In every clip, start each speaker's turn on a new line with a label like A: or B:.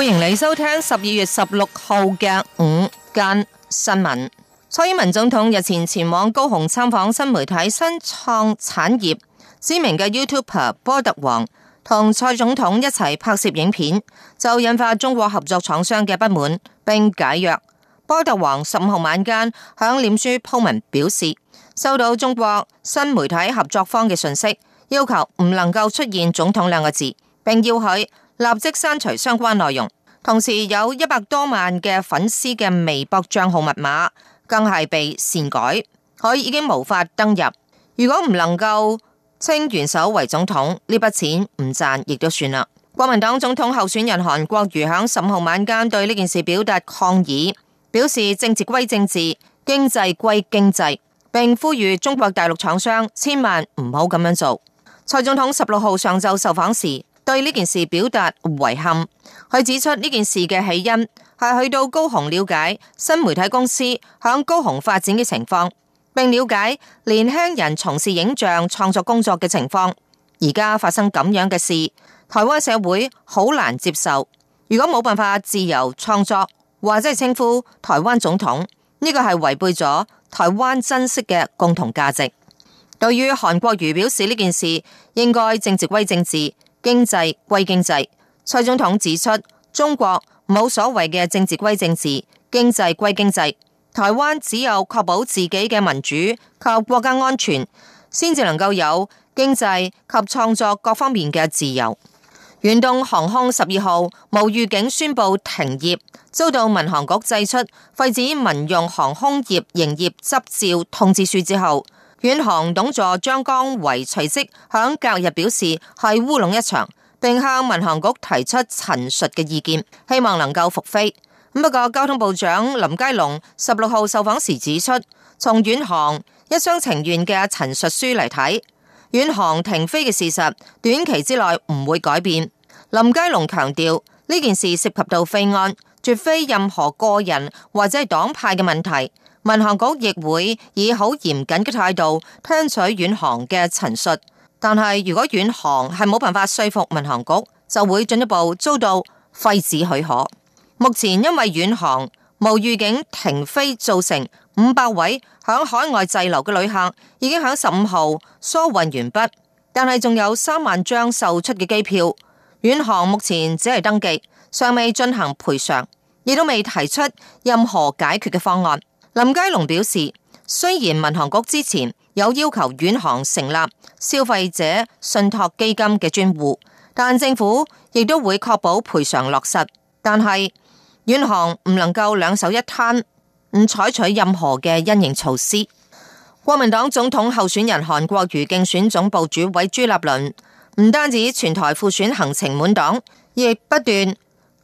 A: 歡迎你收聽十二月十六號嘅午間新聞。蔡英文總統日前前，前往高雄參訪新媒體新創產業，知名嘅 YouTuber 波特王同蔡總統一齊拍攝影片，就引發中國合作廠商嘅不滿，並解約。波特王十五號晚間響臉書鋪文表示，收到中國新媒體合作方嘅訊息，要求唔能夠出現總統兩個字，並要佢。立即刪除相關內容，同時有一百多萬嘅粉絲嘅微博賬號密碼，更係被擅改，佢已經無法登入。如果唔能夠稱元首為總統，呢筆錢唔賺亦都算啦。國民黨總統候選人韓國瑜響十五號晚間對呢件事表達抗議，表示政治歸政治，經濟歸經濟，並呼籲中國大陸廠商千萬唔好咁樣做。蔡總統十六號上晝受訪時，對呢件事表達遺憾，佢指出呢件事嘅起因係去到高雄了解新媒體公司向高雄發展嘅情況，並了解年輕人從事影像創作工作嘅情況。而家發生咁樣嘅事，台灣社會好難接受。如果冇辦法自由創作，或者係稱呼台灣總統，呢個係違背咗台灣珍惜嘅共同價值。對於韓國瑜表示呢件事應該政治歸政治，經濟歸經濟，蔡總統指出，中國冇所謂嘅政治歸政治，經濟歸經濟。台灣只有確保自己嘅民主及國家安全，先至能夠有經濟及創作各方面嘅自由。遠東航空十二號無預警宣布停業，遭到民航局祭出廢止民用航空業營業執照通知書之後，遠航董座張江維隨即響隔日表示係烏龍一場，並向民航局提出陳述嘅意見，希望能夠復飛。咁不過交通部長林佳龍十六號受訪時指出，從遠航一廂情願嘅陳述書嚟睇，遠航停飛嘅事實短期之內唔會改變。林佳龍強調呢件事涉及到飛安，絕非任何個人或者係黨派嘅問題。民航局亦會以好嚴謹嘅態度聽取遠航嘅陳述，但係如果遠航係冇辦法說服民航局，就會進一步遭到廢止許可。目前因為遠航無預警停飛，造成五百位響海外滯留嘅旅客已經響十五號疏運完畢，但係仲有三萬張售出嘅機票，遠航目前只係登記，尚未進行賠償，亦都未提出任何解決嘅方案。林佳龍表示，雖然民航局之前有要求遠航成立消費者信託基金嘅專戶，但政府亦都會確保賠償落實。但係遠航唔能夠兩手一攤，唔採取任何嘅因應措施。國民黨總統候選人韓國瑜競選總部主委朱立倫，唔單止全台赴選行程滿檔，亦不斷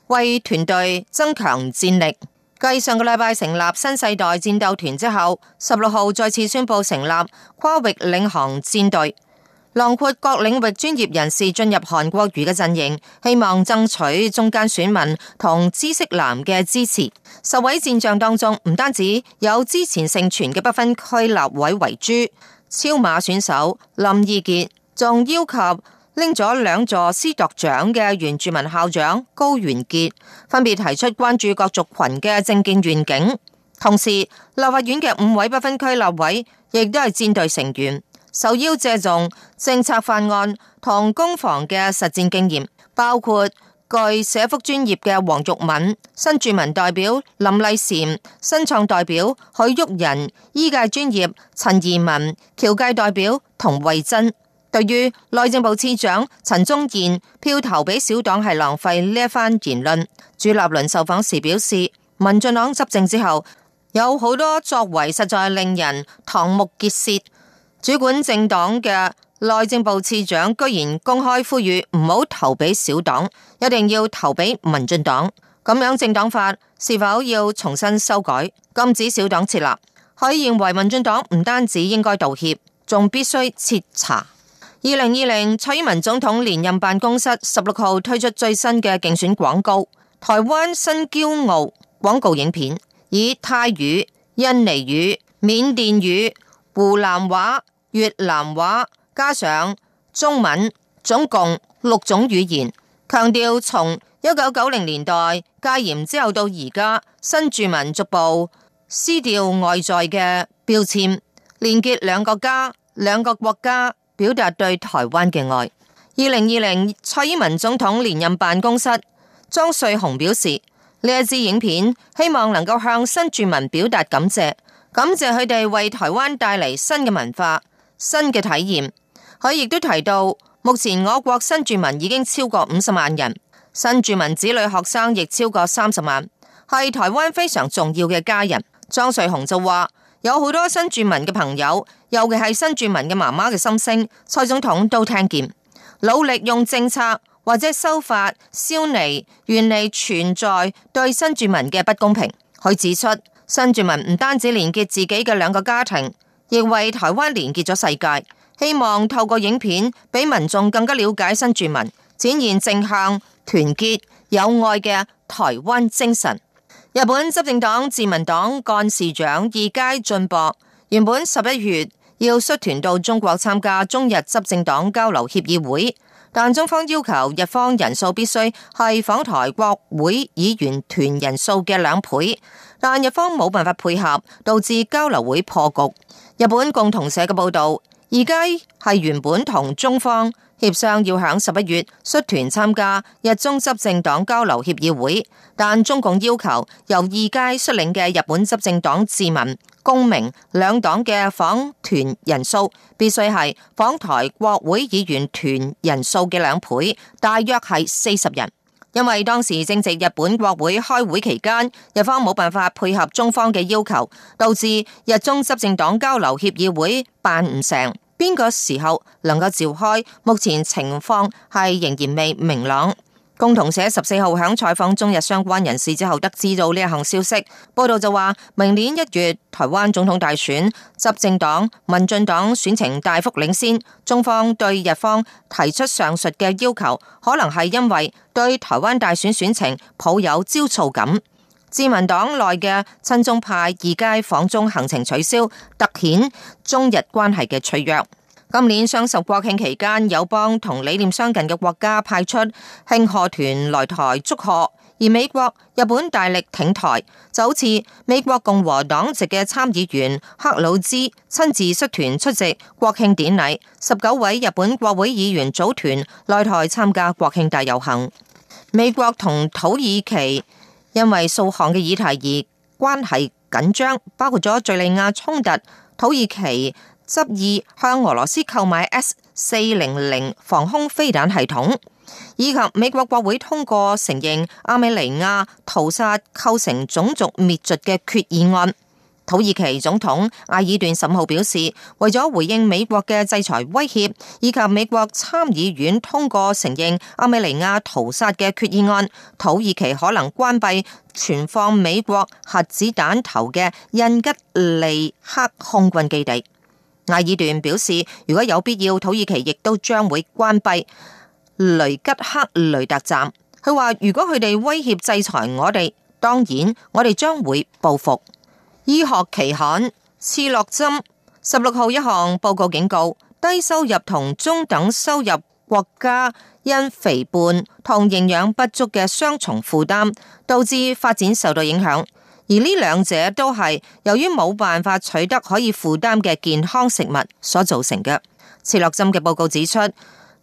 A: 為團隊增強戰力。繼上個禮拜成立新世代戰鬥團之後，十六號再次宣布成立跨域領航戰隊，囊括各領域專業人士進入韓國瑜嘅陣營，希望爭取中間選民同知識男嘅支持。十位戰將當中，唔單止有之前盛傳嘅不分區立委為主、超馬選手林義傑，仲要求。拎咗兩座師鐸獎嘅原住民校長高元杰，分別提出關注各族群嘅政見願景。同時，立法院嘅五位不分區立委亦都係戰隊成員，受邀借重政策法案、同攻防嘅實戰經驗，包括具社福專業嘅王育敏、新住民代表林麗蟬、新創代表許毓仁、醫界專業陳宜民、僑界代表童惠珍。對於內政部次長陳忠健票投俾小黨係浪費呢一番言論，朱立倫受訪時表示，民進黨執政之後有好多作為實在令人瞠目結舌。主管政黨嘅內政部次長居然公開呼籲唔好投俾小黨，一定要投俾民進黨。咁樣政黨法是否要重新修改，禁止小黨設立？佢認為民進黨唔單止應該道歉，仲必須徹查。二零二零蔡英文總統連任辦公室十六號推出最新嘅競選廣告《台灣新驕傲》廣告影片，以泰語、印尼語、緬甸語、湖南話、越南話加上中文，總共六種語言，強調從一九九零年代戒嚴之後到而家，新住民逐步撕掉外在嘅標籤，連結兩個家、兩個國家。表達對台灣嘅愛。二零二零蔡英文總統連任辦公室莊瑞雄表示，呢一支影片希望能夠向新住民表達感謝，感謝佢哋為台灣帶嚟新嘅文化、新嘅體驗。佢亦都提到，目前我國新住民已經超過五十萬人，新住民子女學生亦超過三十萬，係台灣非常重要嘅家人。莊瑞雄就話。有好多新住民嘅朋友，尤其係新住民嘅媽媽嘅心聲，蔡總統都聽見，努力用政策或者修法消弭原嚟存在對新住民嘅不公平。佢指出，新住民唔單止連結自己嘅兩個家庭，亦為台灣連結咗世界。希望透過影片，俾民眾更加了解新住民，展現正向團結友愛嘅台灣精神。日本執政黨自民黨幹事長二階俊博原本十一月要率團到中國參加中日執政黨交流協議會，但中方要求日方人數必須係訪台國會議員團人數嘅兩倍，但日方冇辦法配合，導致交流會破局。日本共同社嘅報道，二階係原本同中方。協商要響十一月率團參加日中執政黨交流協議會，但中共要求由二階率領嘅日本執政黨自民、公明兩黨嘅訪團人數必須係訪台國會議員團人數嘅兩倍，大約係四十人。因為當時正值日本國會開會期間，日方冇辦法配合中方嘅要求，導致日中執政黨交流協議會辦唔成。邊個時候能夠召開？目前情況係仍然未明朗。共同社十四號喺採訪中日相關人士之後，得知到呢一項消息。報道就話，明年一月台灣總統大選執政黨民進黨選情大幅領先，中方對日方提出上述嘅要求，可能係因為對台灣大選選情抱有焦躁感。自民黨內嘅親中派二階訪中行程取消，凸顯中日關係嘅脆弱。今年雙十國慶期間，友邦同理念相近嘅國家派出慶賀團來台祝賀，而美國、日本大力挺台，就好似美國共和黨籍嘅參議員克魯茲親自率團出席國慶典禮，十九位日本國會議員組團來台參加國慶大遊行，美國同土耳其。因為數項嘅議題而關係緊張，包括咗敘利亞衝突、土耳其執意向俄羅斯購買 S 四零零防空飛彈系統，以及美國國會通過承認阿美尼亞屠殺構成種族滅絕嘅決議案。土耳其總統埃爾段十號表示，為咗回應美國嘅制裁威脅，以及美國參議院通過承認阿美尼亞屠殺嘅決議案，土耳其可能關閉存放美國核子彈頭嘅印吉利克空軍基地。埃爾段表示，如果有必要，土耳其亦都將會關閉雷吉克雷特站。佢話：如果佢哋威脅制裁我哋，當然我哋將會報復。醫學期刊《刺胳針》十六號一項報告警告，低收入同中等收入國家因肥胖同營養不足嘅雙重負擔，導致發展受到影響。而呢兩者都係由於冇辦法取得可以負擔嘅健康食物所造成嘅。《刺胳針》嘅報告指出，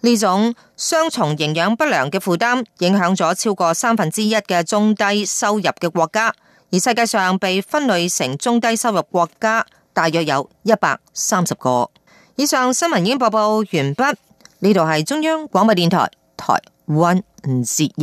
A: 呢種雙重營養不良嘅負擔，影響咗超過三分之一嘅中低收入嘅國家。而世界上被分類成中低收入國家，大約有一百三十個。以上新聞已經播報完畢。呢度係中央廣播電台台灣節目。